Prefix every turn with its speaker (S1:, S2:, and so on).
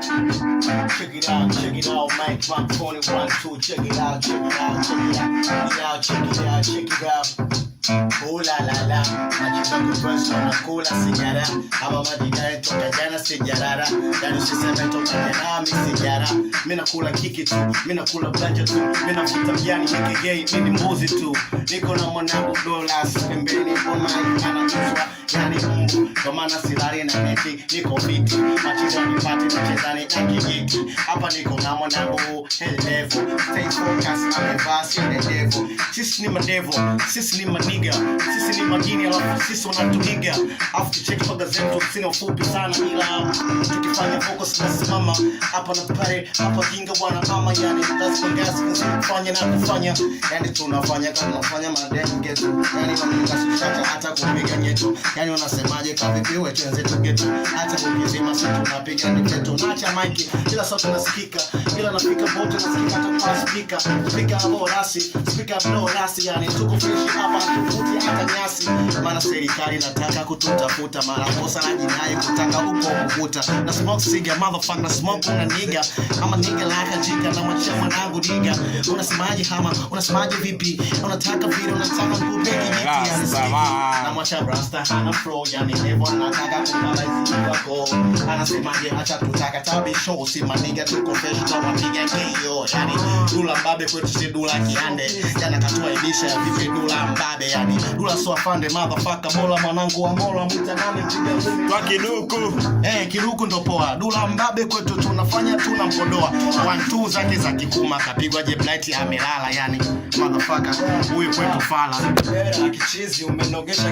S1: Check it out, check it out, Mike, Rock 21, 2, check it out, check it out, check it out, check it out, check it out, check it out. Ula oh, la la, najua kupaswa na kula sigara, ama madidare toka jana sijarara, yani usiseme toka jana mi sijara, mi kula kiki tu, mi kula blanja tu, mi nafuta vyani nikigei, mi ni mbuzi tu, niko na mwanangu Dolas pembeni, kwa maana maana silali na miti, niko fiti machizo nipate mchezani na kijiti hapa, niko na mwanangu elefu stay focus na sio ndevu. Sisi ni madevu, sisi ni maniga, sisi ni majini, alafu sisi wanatuiga, alafu tucheke paga zetu sina ufupi sana, ila tukifanya focus na simama hapa na pale, hapa kinga bwana, mama yani that's what kufanya na kufanya, yani tunafanya kama tunafanya mademu getu, yani mamlaka wanashikana hata kupiga nyeto, yani wanasemaje, kavipiwe tuenze tugetu, hata ukizima sisi tunapiga nyeto, nacha mike, kila sauti nasikika, kila nafika bote nasikika hata kwa speaker, speaker hapo I see. Speak up, no nasty, I need to confess you. I'm maana serikali nataka kututafuta, mara kosa na jinai kutaka uko kukuta na smoke siga motherfucker na smoke na nigga ama nigga niga laka jika na macho mwanangu nigga unasemaje hama, unasemaje vipi, unataka vile, unataka kupe kijiti na mwacha brasta hana flow, yani never anataka kumalizi wako, anasemaje acha kutaka tabi show, si maniga tu na mapiga kio, yani dula babe kwetu si dula kiande, jana katua ibisha vipi dula babe yani dula so afande motherfucker mpaka mola mwanangu wa mola mwita nani mpiga
S2: kwa kiduku eh kiduku ndo poa dula mbabe kwetu tunafanya mpodoa one two zake za kikuma kapigwa je blight amelala yani motherfucker huyu kwetu fala akichizi umenogesha